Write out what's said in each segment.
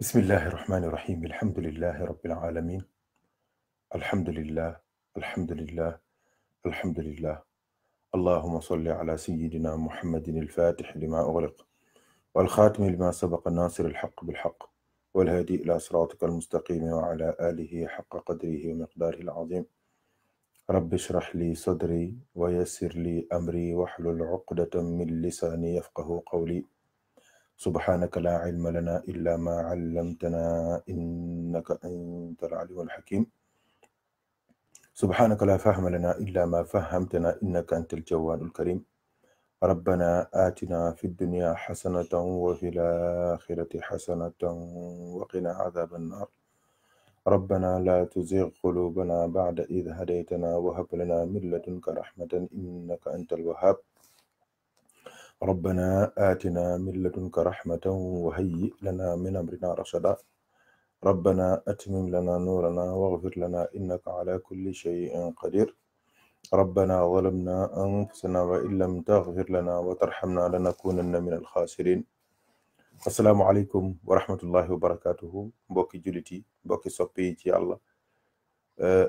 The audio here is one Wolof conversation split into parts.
بسم الله الرحمن الرحيم الحمد لله رب العالمين الحمد لله الحمد لله الحمد لله اللهم صل على سيدنا محمد الفاتح لما أغلق والخاتم لما سبق الناصر الحق بالحق والهادي إلى صراطك المستقيم وعلى آله حق قدره ومقداره العظيم رب اشرح لي صدري ويسر لي أمري واحلل عقدة من لساني يفقه قولي سبحانك لا علم لنا إلا ما علمتنا إنك أنت العليم الحكيم سبحانك لا فهم لنا إلا ما فهمتنا إنك أنت الجواد الكريم ربنا آتنا في الدنيا حسنة وفي الآخرة حسنة وقنا عذاب النار ربنا لا تزغ قلوبنا بعد إذ هديتنا وهب لنا من لدنك رحمة إنك أنت الوهاب ربنا آتنا من لدنك رحمة وهيئ لنا من أمرنا رشدا ربنا أتمم لنا نورنا واغفر لنا إنك على كل شيء قدير ربنا ظلمنا أنفسنا وإن لم تغفر لنا وترحمنا لنكونن من الخاسرين السلام عليكم ورحمة الله وبركاته بوكي جلتي بوكي صبيتي الله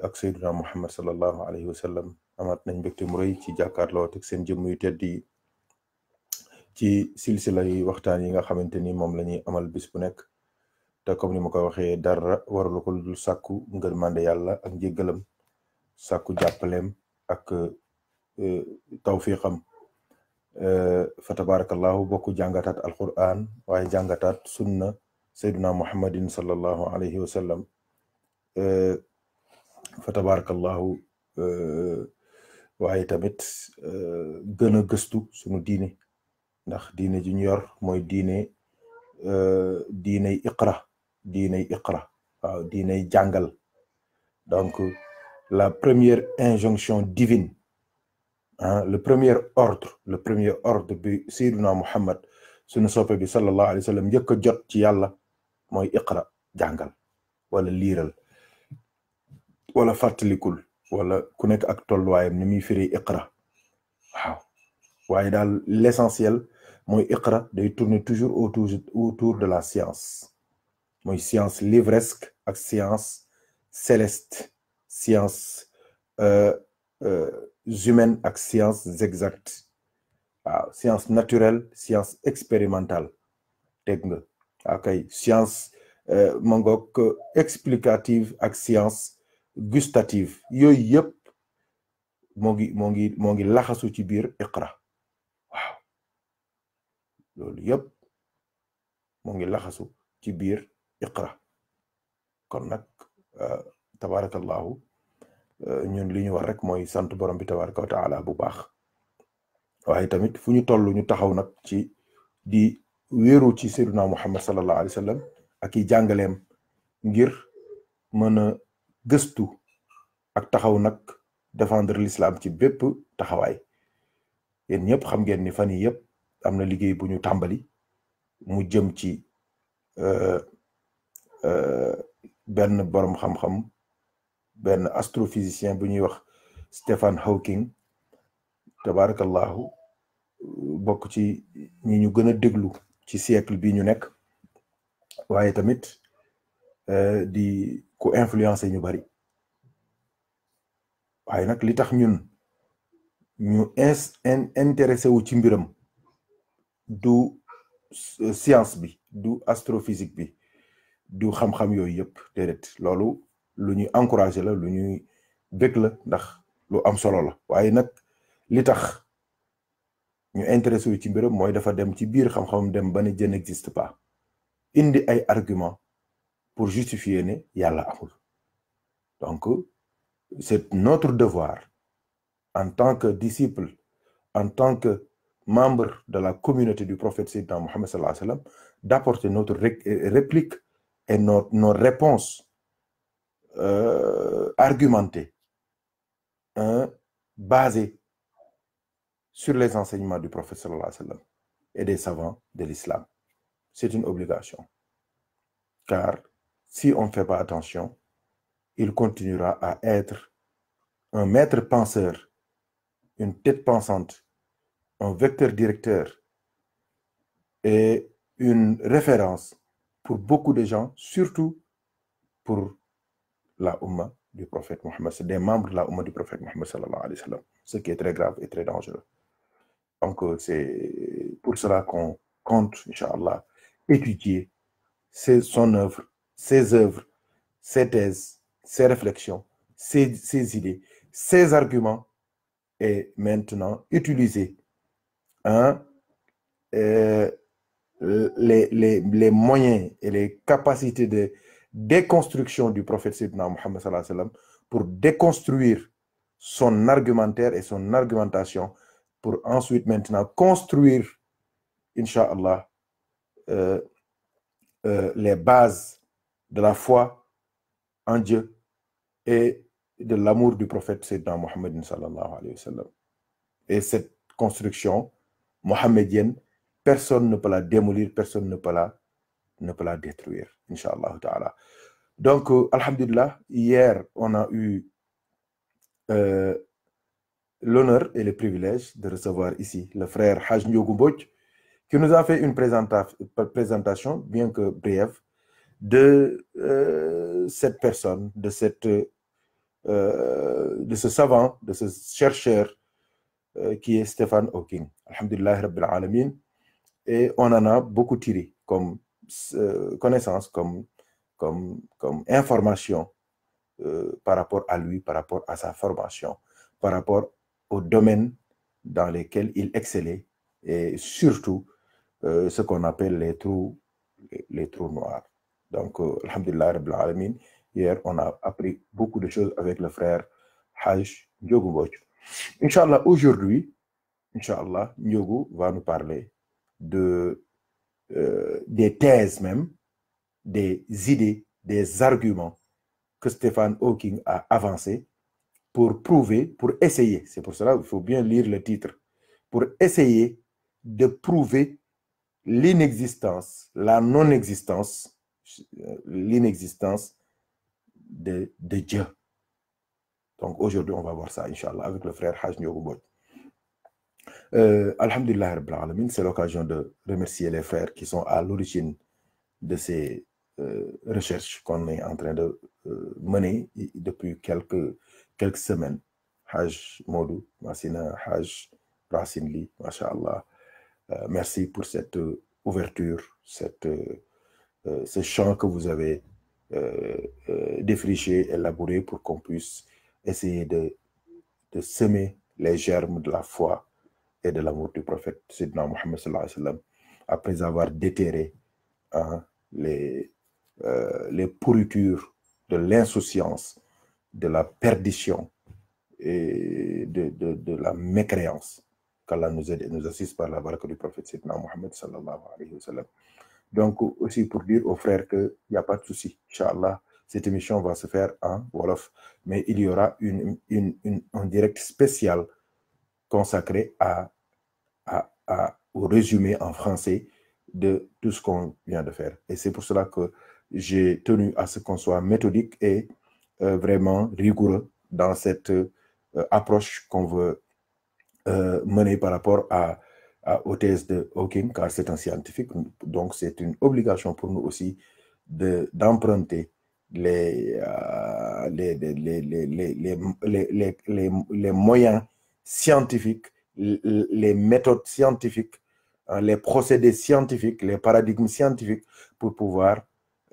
ak sayyidina muhammad sallallahu alayhi wa sallam amat nañ mbégte mu reuy ci jàkkaarloo tek seen jëm yu teddi ci silsila yi waxtaan yi nga xamante ni moom la amal bis bu nekk te comme ni ma ko waxee dara warulu ko dul sàkku ngir mande yàlla ak njéggalam sàkku jàppaleem ak e, tawfiqam e, fa tabarakallahu bokk jàngataat alquran waaye jàngataat sunna sayduna muhammadin sallallahu alayhi wa sallam e, fa tabarakallahu waaye tamit gën a gëstu sunu diine ndax diine ji ñu yor mooy diine diiney iqra diiney iqra waaw diiney jàngal donc la première injonction divine hein, le premier ordre le premier ordre bi sayyiduna muhammad sunu soppe bi sallallahu alayhi wa sallam njëkk jot ci yàlla mooy iqra jàngal wala liiral wala fàttalikul wala ku nekk ak tolluwaayam ni muy firi iqra waaw waaye daal l'essentiel mon iqra day tourner toujours autour autour de la science mon science livresque ak science céleste science euh, euh, humaine ak science exacte. science naturelle science expérimentale technique science euh, explicative ak science gustative yoy yep, mon ngi mon ngi ngi loolu yëpp mu ngi laxasu ci biir iqra kon nag euh, tabarakallahu euh, ñun li ñu war rek mooy sant borom bi tabaraka wa taala bu baax waaye tamit fu ñu toll ñu taxaw nag ci di wéru ci sayyidina muhammad sallallahu alayhi wa sallam ak i jàngaleem ngir mën a gëstu ak taxaw nag défendre l'islam ci bépp taxawaay yéen ñëpp xam ngeen ni fan yi yëpp am na liggéey bu ñu tàmbali mu jëm ci euh, euh, benn borom xam-xam benn astrophysicien bu ñuy wax Stephen Hawking tabarakallahu bokk ci ñi ñu gën a déglu ci siècle bi ñu nekk waaye tamit euh, di ku influencer ñu bari waaye nag li tax ñun ñu in intéressé wu ci mbiram du euh, science bi du astrophysique bi du xam-xam yooyu yep déedéet loolu lu ñuy la lu ñuy la ndax lu am solo la waye nak li tax ñu intéressé ci mbiram moy dafa dem ci biir xam xam dem ba ne Dieu n'existe pas indi ay argument pour justifier ne yalla amul donc c'est notre devoir en tant que disciple en tant que membres de la communauté du prophète dans Mohammed sallallahu alayhi wa d'apporter notre réplique et nos, réponses euh, argumentées, hein, basées sur les enseignements du prophète sallallahu alayhi wa et des savants de l'islam. C'est une obligation. Car si on ne fait pas attention, il continuera à être un maître penseur, une tête pensante un vecteur directeur et une référence pour beaucoup de gens, surtout pour la Ummah du prophète Mohammed, des membres de la Ummah du prophète Mohammed, ce qui est très grave et très dangereux. Donc, euh, c'est pour cela qu'on compte, Inch'Allah, étudier son œuvre, ses œuvres, ses thèses, ses réflexions, ses, ses idées, ses arguments, et maintenant utiliser Hein, euh, les, moyens et les capacités de déconstruction du prophète Sidna Muhammad pour déconstruire son argumentaire et son argumentation pour ensuite maintenant construire, Inch'Allah, euh, euh, les bases de la foi en Dieu et de l'amour du prophète Sidna Muhammad Et cette construction mohammedienne, personne ne peut la démolir, personne ne peut la, ne peut détruire, Inch'Allah Donc, euh, Alhamdulillah, hier, on a eu euh, l'honneur et le privilège de recevoir ici le frère Haj qui nous a fait une présentation, bien que brève, de euh, cette personne, de, cette, de ce savant, de ce chercheur, euh, qui est Stéphane Hawking. Alhamdulillah, Rabbil Alamin. Et on en a beaucoup tiré comme connaissances, euh, connaissance, comme, comme, comme information euh, par rapport à lui, par rapport à sa formation, par rapport au domaine dans lequel il excellait et surtout ce qu'on appelle les trous, les, trous noirs. Donc, Alhamdulillah, Rabbil Alamin. Hier, on a appris beaucoup de choses avec le frère Haj Diogoboch. Inch'Allah, aujourd'hui, Inch'Allah, Nyogu va nous parler de, euh, des thèses même, des idées, des arguments que Stephen Hawking a avancés pour prouver, pour essayer, c'est pour cela qu'il faut bien lire le titre, pour essayer de prouver l'inexistence, la non-existence, euh, l'inexistence de Dieu. Donc aujourd'hui, on va voir ça, Inch'Allah, avec le frère Haj Nyogubot. Euh, Alhamdulillah, c'est l'occasion de remercier les frères qui sont à l'origine de ces euh, recherches qu'on est en train de euh, mener depuis quelques, quelques semaines. Haj Modou, Masina, Haj Rasinli, Masha'Allah. Euh, merci pour cette ouverture, cette, ce champ que vous avez défriché, élaboré pour qu'on puisse essayer de, de semer les germes de la foi et de l'amour du prophète Sidna Muhammad sallallahu alayhi wa après avoir déterré hein, les, euh, les pourritures de l'insouciance, de la perdition et de, de, la mécréance. Qu'Allah nous aide et nous assiste par la barque du prophète Sidna Muhammad sallallahu alayhi wa Donc, aussi pour dire aux frères qu'il n'y a pas de souci, Inch'Allah, cette émission va se faire en Wolof, mais il y aura une, une, un direct spécial consacré à, à, à, au résumé en français de tout ce qu'on vient de faire. Et c'est pour cela que j'ai tenu à ce qu'on soit méthodique et euh, vraiment rigoureux dans cette euh, approche qu'on veut euh, mener par rapport à, à, aux thèses de Hawking, car c'est un scientifique, donc c'est une obligation pour nous aussi d'emprunter les, les, moyens scientifiques, les méthodes scientifiques, hein, les procédés scientifiques, les paradigmes scientifiques pour pouvoir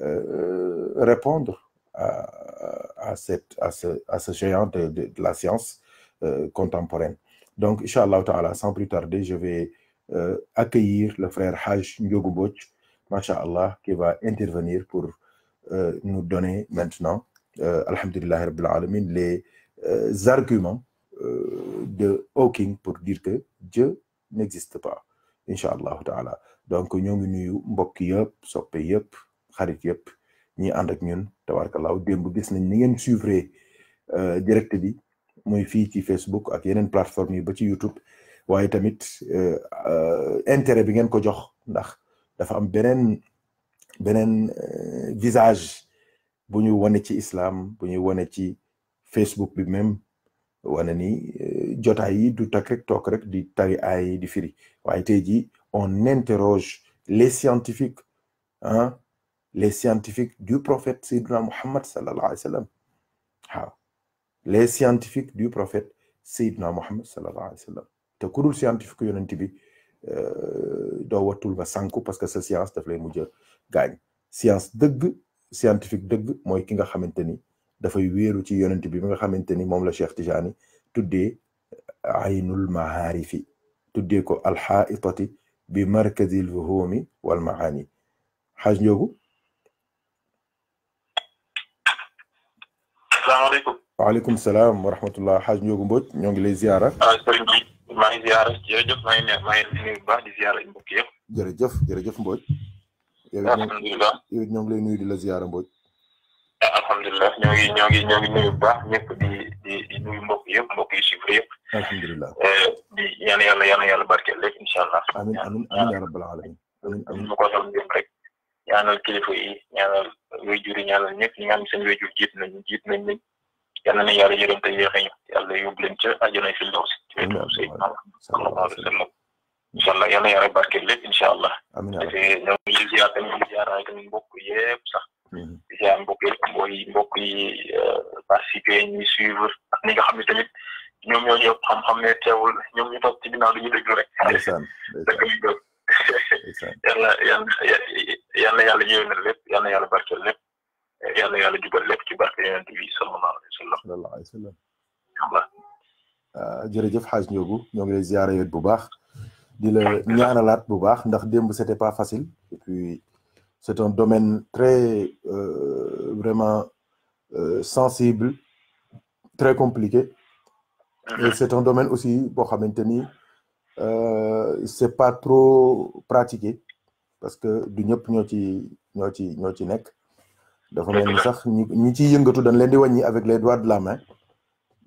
euh, répondre à, à, cette, à, ce, à ce géant de, de, la science euh, contemporaine. Donc, Inch'Allah sans plus tarder, je vais euh, accueillir le frère Haj Ndiogoubouch, Masha'Allah, qui va intervenir pour euh, nous donner maintenant, euh, les euh, arguments de Hawking pour dire que Dieu n'existe pas. Inch'Allah ta'ala. Donc, nous sommes nuyu ñi ak ñun, gis nañ ni suivre direct bi, moy fi ci Facebook ak plateforme yi YouTube, waye tamit intérêt bi ngeen ko jox ndax dafa am benen euh, visage bu ñu wane ci islam bu ñu wane ci Facebook bi même wane ni euh, jotaay yi du tak rek tok rek di tari ay di firi waye tey jii on interroge les scientifiques hein les scientifiques du prophète Seydina Muhammad sallallahu alayhi wasallam, ha les scientifiques du prophète Seydina Muhammad sallallahu alayhi wasallam te ku scientifique yonent bi euh, do watul nga sànku parce que sa science daf lay mujj gaañ science deug scientifique deug moy ki nga xamanteni da fay wéru ci yonent bi nga xamanteni mom la Cheikh Tijani tuddé aynul maarifi tuddé ko al ha'itati bi markazi al wuhumi wal maani haj ñogu assalamu alaykum wa alaykum salaam wa rahmatullah haj ñogu mbot ñoo ngi lay ziara sëriñ bi maa ngi ziara jërëjëf maa ngi ne maa ngi nuyu bu baax di ziara mbokk yëpp jërëjëf jërëjëf mbóoj alhamdulilah yow it ñoo ngi lay nuyu la ziyaara Mbodj. Ah, alhamdulilah ñoo ngi ñoo ngi ñoo ngi nuyu bu baax ñëpp di mbokk yëpp mbokk yi suivre yëpp. alhamdulilah eh, di ñaan yàlla yal na yàlla barkeel lépp incha allah. amiin amiin amiin yaa rek. ñaanal kilifa yi ñaanal wéjur yi ñaanal ñëpp ñi nga xam seen wéjur jiit nañ jiit nañ leen yal na yàlla yërëm te yéex a yàlla yóbbu leen ca àjjana fi incha allah yal na yàlla barkeel lépp incha allah. amiin parce que ñoom ñu ziar tamit mbokk yëpp sax. di ziar mbokk yëpp mooy mbokk yi euh, participer ñuy suivre ñi nga xam ne tamit ñoom ñoo ñëpp xam-xam ne teewul ñoom ñu toog ci ginnaaw dañuy déglu rek. ndeysaan ndeysaan yal na yal na yàlla yéwénal lépp yal na yàlla barkeel lépp yal na yàlla jubal lépp ci barke yonent bi sallallahu alayhi wa sallam. Euh, jërëjëf xaaj bu baax. di la ñaanalaat bu baax ndax démb c'était pas facile et puis c'est un domaine très euh, vraiment euh, sensible très compliqué et mhm. c'est un domaine aussi boo xamante ni euh, c'est pas trop pratiqué parce que du ñëpp ñoo ci ñoo ci ñoo ci nekk dafa mel ni sax ñi ñi ciy yëngatu dañ leen di wàññi avec les doigts de la main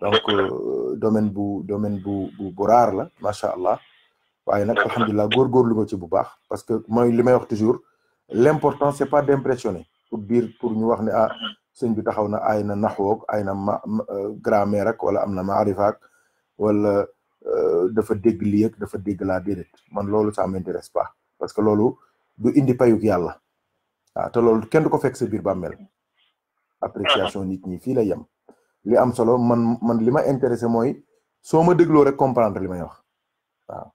donc euh, domaine bu domaine bu bu rare raar la macha allah waaye nag alhamdulilah góorgóorlu nga ci bu baax parce que mooy li may wax toujours l'important c'est pas d'impressionner pour dire pour ñu wax ah sëñ bi taxaw na ay na naxwoog ay na ma euh, grammaire ak wala am na maarifa wala euh, dafa dégg lii ak dafa dégg laa déedéet man loolu ça m'intéresse pas parce que loolu du indi payuk yàlla ah te loolu kenn du ko fekk sa biir bàmmeel appréciation nit ñi fii la yem li am solo man man li ma intéressé mooy soo ma dégloo rek comprendre li may wax waaw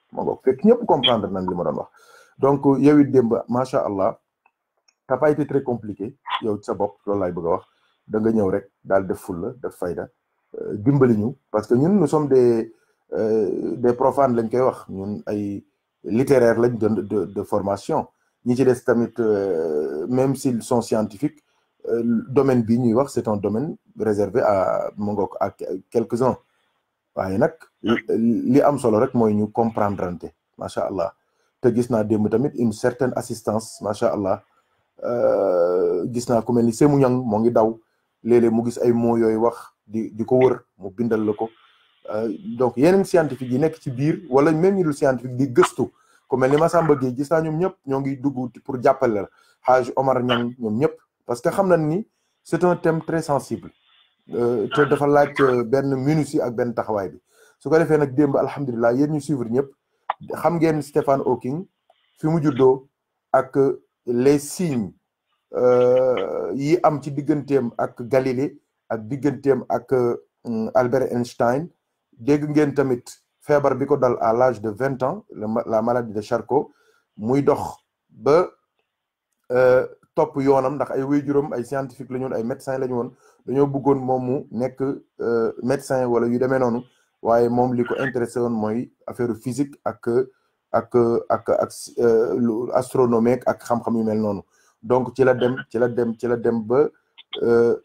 ma bokk fekk ñëpp comprendre nañ li ma doon wax donc euh, yow it démb macha allah pas été très compliqué yow sa bopp loolu laay bëgg a wax da nga ñëw rek daal def la def fayda euh, dimbali ñu parce que ñun nous sommes des euh, des profanes lañ koy wax ñun ay littéraires lañ de de formation ñi ci des tamit même s'ils sont scientifiques domaine bi ñuy wax c'est un domaine réservé à mu ngoog à quelques-uns waaye nag mm. li am solo rek mooy ñu comprendrante ante macha allah te gis naa démb tamit une certaine assistance macha allah euh, gis naa ku mel ni Sémou Niang moo ngi daw léeg mu gis ay mots yooyu wax di di ko wër mu bindal la ko euh, donc yeneen scientifique yi nekk ci biir wala même ñu dul scientifique di gëstu ku mel ni Massamba Gueye gis naa ñoom ñëpp ñoo ngi dugg pour jàppale la Hadj Omar Niang ñoom ñëpp parce que xam nañ ni c'est un thème très sensible. Euh, te dafa laaj euh, benn minutie ak benn taxawaay bi su ko defee nag démb alhamdulilah yéen ñu suivre ñëpp xam ngeen Stephen Hawking fi mu juddoo ak euh, les signes yi am ci digganteem ak Galilée ak digganteem ak Albert Einstein dégg ngeen tamit feebar bi ko dal à lage de vingt ans la maladie de Charcot muy dox ba. top yoonam ndax ay waajuram ay scientifique lañu ay médecin lañu won woon dañoo bëggoon moom mu nekk euh, médecin wala yu demee noonu waaye moom li ko intéressé woon mooy affaire physique ak ak ak ak euh, astronomique ak xam-xam yu mel noonu donc ci la dem ci la dem ci la dem ba euh,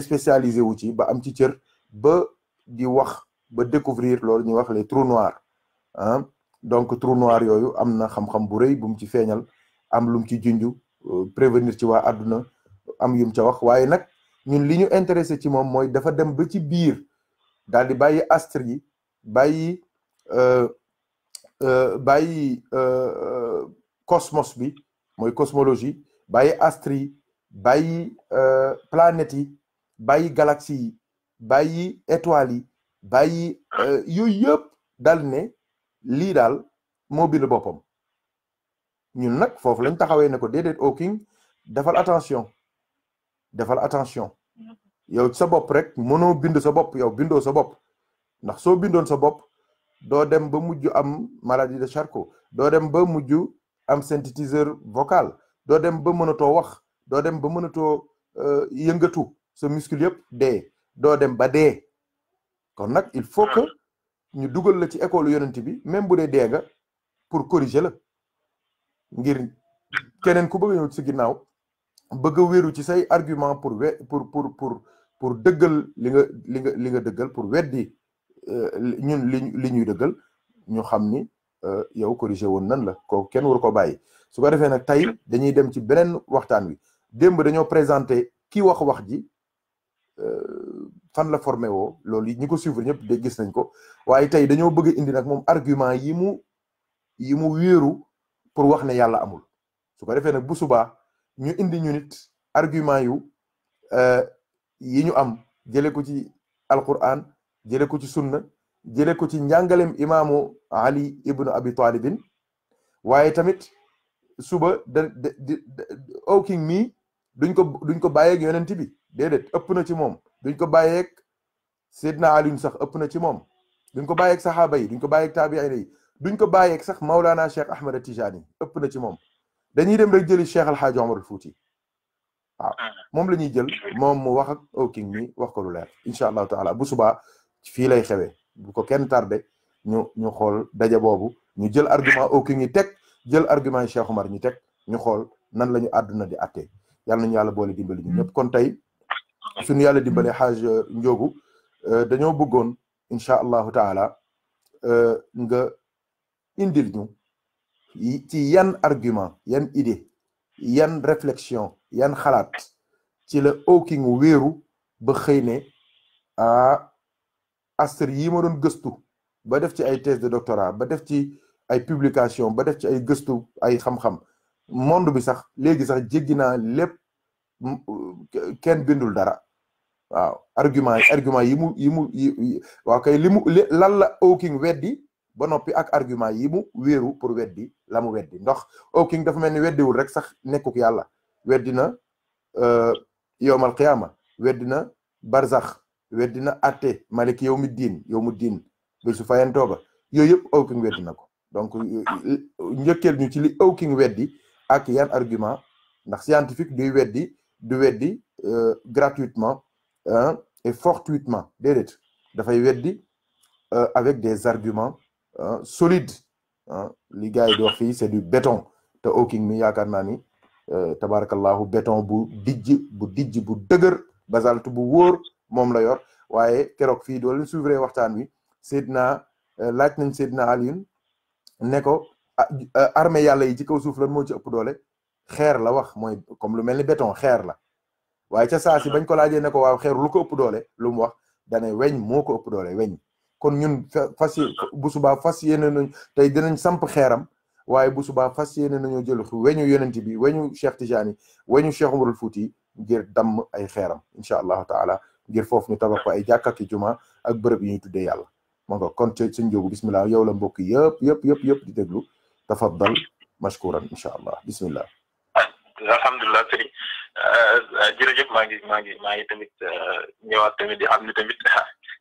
spécialisé wu ci ba am ci cër ba di wax ba découvrir loolu ñuy wax les trous noirs ah donc trous noirs yooyu am na xam-xam bu rëy bu mu ci feeñal am lu mu ci junju Euh, prévenir ci waa àdduna am yum ca wax waaye nag ñun li ñu intéressé ci moom mooy dafa dem ba ci biir daal di bàyyi astre yi bàyyi euh, euh, bàyyi cosmos bi mooy cosmologie bàyyi astre yi bàyyi planètes yi bàyyi galaxie yi bàyyi étoiles yi bàyyi yooyu yëpp daal ne lii daal moo bind boppam ñun nak fofu lañ taxawé ne ko déedéet au oh king defal attention defal attention yow sa bop rek mënoo bind sa bop yow bindo sa bop ndax so bindon sa bop do dem ba am maladie de Charcot do dem ba am synthétiseur vocal do dem ba mënatoo wax do dem ba euh, yëngatu sa muscle yëpp dé do dem ba dé kon nak il faut que ñu duggal la ci école yonent bi même bu dee pour corriger la ngir keneen ku bëgg ñëw ci ginnaaw bëgg wéeru ci say argument pour we pour pour pour pour dëggal li nga li nga li nga dëggal pour weddi euh, ñun li li ñuy dëggal ñu xam ni euh, yow corrigé woon nan la ko kenn waru ko bàyyi su ko defee nag tey dañuy dem ci beneen waxtaan wi démb dañoo présenté ki wax wax ji euh, fan la formé woo loolu ñi ko suivre ñëpp de gis nañ ko waaye tey dañoo bëgg indi nag moom argument yi mu yi mu wéeru pour wax ne yàlla amul su ko defee nag bu subaa ñu indi ñu nit argument yu euh, yi ñu am jëlee ko ci alquran jëlee ko ci sunna jëlee ko ci njàngalem imaamu Ali ibnu Abi Talibin waaye tamit suba da da aw king mii duñ ko duñ ko bàyyeeg yonent bi déedéet ëpp na ci moom duñ ko bàyyeeg Seydina Aliou sax ëpp na ci moom duñ ko bàyyeeg saxaaba yi duñ ko bàyyeeg taabiina yi duñ ko ak sax Maulana Cheikh Ahmed Tijani ëpp na ci mom dañuy dem rek jël Cheikh Al Hadj Omar Fouti waaw mom lañuy jël mom mu wax ak king ni wax ko lu leer inshallah taala bu suba fi lay xewé bu ko kenn tardé ñu ñu xol dajé bobu ñu jël argument king ni tek jël argument Cheikh Omar ñu tek ñu xol nan lañu aduna di atté yalla ñu yalla boole dimbali ñu ñep kon tay suñu yalla dimbali xaaj Ndiogu euh, dañoo bëggoon inshallah taala euh, nga. indil ñu ci yan argument yan idée yan réflexion yan xalaat ci la Hawking wéeru ba xëy ne ah astre yi ma doon gëstu ba def ci ay thèse de doctorat ba def ci ay publication ba def ci ay gëstu ay xam-xam monde bi sax léegi sax jéggi naa lépp kenn bindul dara waaw argument yi argument yi mu yi mu yi waaw kay li mu lan weddi ba noppi ak argument yi mu wéeru pour weddi la mu weddi ndox Hawking oh, dafa mel ni weddiwul rek sax nekkuk yàlla weddi na euh, yowmal qiyaama weddi na barzax weddi na atte malik yow mi diin yow mu diin bi su fayantoo yooyu yëpp weddi na ko donc njëkkeel ñu ci li king weddi ak yan argument ndax scientifique duy weddi du weddi euh, gratuitement hein, et fortuitement déedéet dafay weddi euh, avec des arguments solide li gars fii c'est du béton te Hawking mi yaakaar naa ni euh, tabarakallahu béton bu dijj bu dijj bu dëgër basalte bu wóor moom la yor waaye keroog fii doo leen suivre waxtaan wi Seydina euh, laaj nañ Seydina Alioune ne ko ah, euh, armée yàlla yi ci kaw suuf lan moo ci ëpp doole xeer la wax mooy comme lu mel ni béton xeer la waaye ca saa si bañ ko laajee ne ko waaw xeer lu ko ëpp doole lu mu wax dane weñ moo ko ëpp doole weñ kon ñun fas bu subaa fas yéene nañ tey dinañ samp xeeram waaye busu baa fas yéene nañoo jël weñu yonent bi weñu Cheikh Tijani weñu Cheikh Umarul Fouti ngir damm ay xeeram incha allahu taala ngir foofu ñu tabax ko ay jàkka ki juma ak bërëb yi ñuy tuddee yàlla ma nga kon ci suñ jógu bismillah yow la mbokk yëpp yëpp yëpp yëpp di déglu tafaddal mashkuran incha allah bismillah alhamdulilah sëriñ euh, jërëjëf maa tamit euh, ñëwaat tamit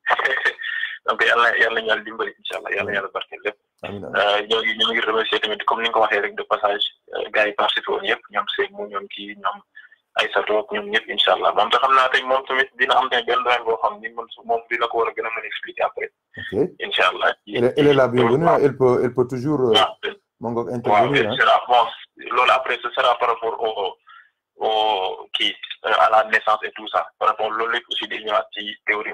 donc yàlla yàlla di yàlla dimbali incha allah yàlla yàlla barkeel lépp. Euh, ñoo ngi comme ni nga ko waxee rek de passage euh, gars yi participé woon yëpp ñoom Seydou ñoom kii ñoom Aïssatou ak ñoom ñëpp allah moom te xam naa tey moom tamit dina am tamit benn domaine boo xam ni man dina ko war a gën a après. ok incha allah. elle est la bienvenue elle peut elle toujours. Euh, mën intervenir ah waaw bon loolu après ce par rapport au au la naissance et tout ça loolu lépp aussi day ñëwaat ci théorie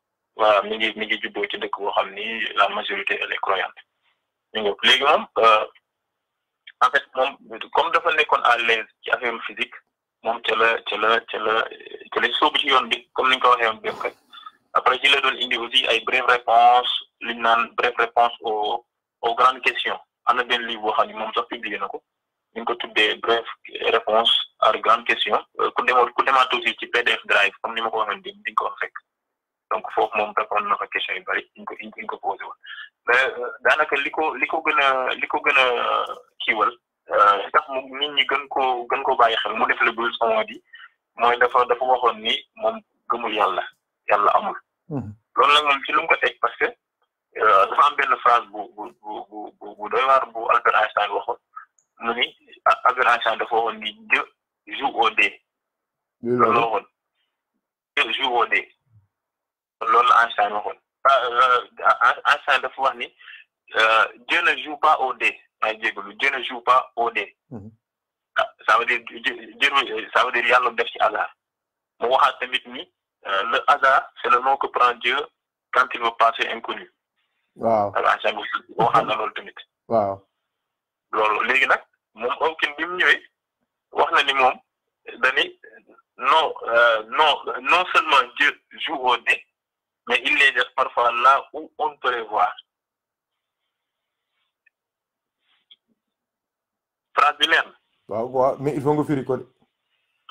voilà mi ngi mi ngi juddoo ci dëkk boo xam ni la majorité elle est croyante ñu nga léegi moom euh, en fait moom comme dafa nekkoon à l'aise ci affaire physique moom ca la ca la ca la ca la sóobu ci yoon bi comme ni ñu ko waxee woon démb rek après ci la doon indi aussi ay brève réponse li ñu naan brève réponse aux aux grandes questions am na benn livre boo xam ni moom sax publié na ko ñu ngi ko tuddee brève réponse à grandes questions euh, ku demoon ku demaat aussi ci PDF drive comme ni ma ko waxee woon démb nga ko wax fekk donc foofu moom répondre na fa question bari bëri ñu ko ñu ko posé woon mais euh, daanaka li ko li ko gën a li ko gën a kiiwal euh, tax mu nit ñi gën koo gën ko bàyyi xel mu def le bul son bi mooy dafa dafa waxoon ni moom gëmul yàlla yàlla amul hmm. loolu nag moom ci lu ko teg parce que euh, dafa am benn phrase bu bu bu bu bu bu Albert Einstein waxoon mu ni Albert Einstein dafa waxoon ni Dieu joue au dé loolu waxoon joue au dé loolu la Einstein waxoon euh, Einstein dafa wax ni euh, Dieu ne joue pas au dé maa jégalu Dieu ne joue pas au dé mhm. ah, ça veut dire Dieu ça veut dire yàlla def ci hasard mu waxaat tamit ni euh, le hasard c'est le nom que prend Dieu quand il veut passer inconnu waaw Einstein bu waxaat na loolu tamit waaw loolu léegi nag moom aucune bi mu ñëwee wax na ni moom dani non non non seulement Dieu joue au dé mais il les laisse parfois là où on peut voir. phrase bi leer mais il faut nga firi de.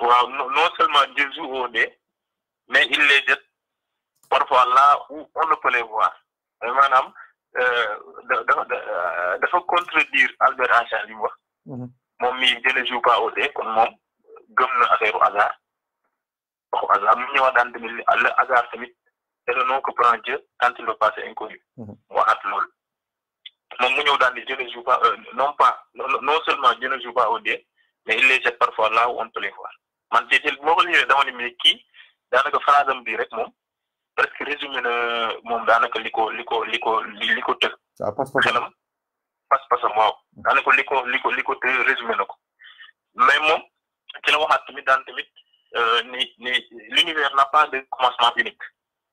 waaw non seulement Dieu joue au mais il les parfois là où on ne peut les voir maanaam euh, dafa dafa contredire Albert Einstein li mu wax. Mhm. moom mii ne joue pas au kon moom gëm na hasard waxu hasard mu ñëwaat tamit hasard tamit. c'est le nom que prend Dieu quand il veut passer inconnu. Mhm. Moi, at lol. Mon mignon dans Dieu ne joue pas, euh, non pas, non, non seulement Dieu ne joue pas au dé, mais il les jette parfois là où on peut les voir. Man, j'ai dit, moi, dans les milieu qui, dans le phrase me dit, rek, mom, résumé na, mom, dans le lico, lico, lico, liko, Ça passe pas. Ça passe pas, moi. Dans le lico, lico, lico, te, résumé na Mais mom, ci la waxat dans tamit, euh, ni, ni, l'univers n'a pas de commencement unique.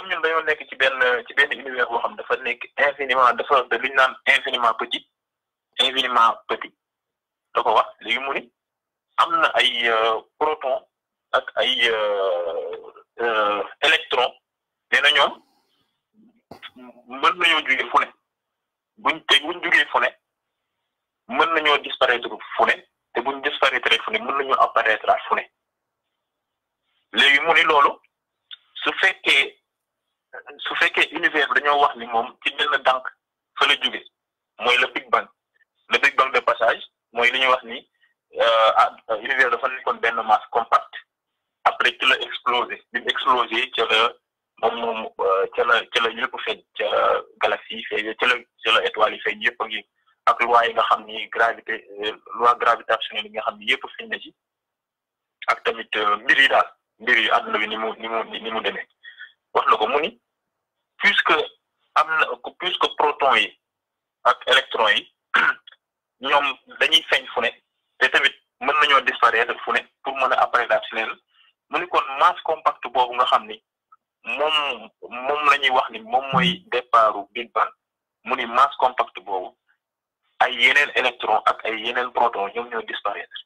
comme ñun dañoo nekk ci benn ci benn univers boo xam dafa nekk infiniment dafa de lu naan infiniment petit infiniment petit da ko wax léegi mu ni am na ay euh, proton ak ay euh, euh, électron nee na ñoom mën nañoo jugee fu ne buñ te buñ jugee fu ne mën nañoo disparaître fu ne te buñ disparaître fu ne mën nañoo apparaître fu ne léegi mu ni loolu su fekkee su fekkee univers dañoo wax ni moom ci benn dànk fa la jóge mooy le Big Bang le Big Bang de passage mooy li ñuy wax ni euh, ah, univers dafa nekkoon benn masse compacte après ci la explosé bi mu explosé ca la moom moom euh, ca la ca la yëpp feeñ ca la galaxie feeñ ca la ca la étoile yi feeñ yëpp a ngi ak loi yi nga xam ni gravité euh, loi gravitationnelle yi nga xam ni yëpp feeñ na ci ak tamit mbir yi daal mbir yi àdduna bi ni mu ni mu ni mu demee wax na ko mu ni puisque am na puisque proton yi ak électron yi ñoom dañuy feeñ fu ne te tamit mën nañoo disparaître fu ne pour mën a après daal si leen mu ni kon masse compacte boobu nga xam ni moom moom la ñuy wax ni moom mooy départu Big Bang mu ni masse compacte boobu ay yeneen électron ak ay yeneen proton ñoom ñoo disparaître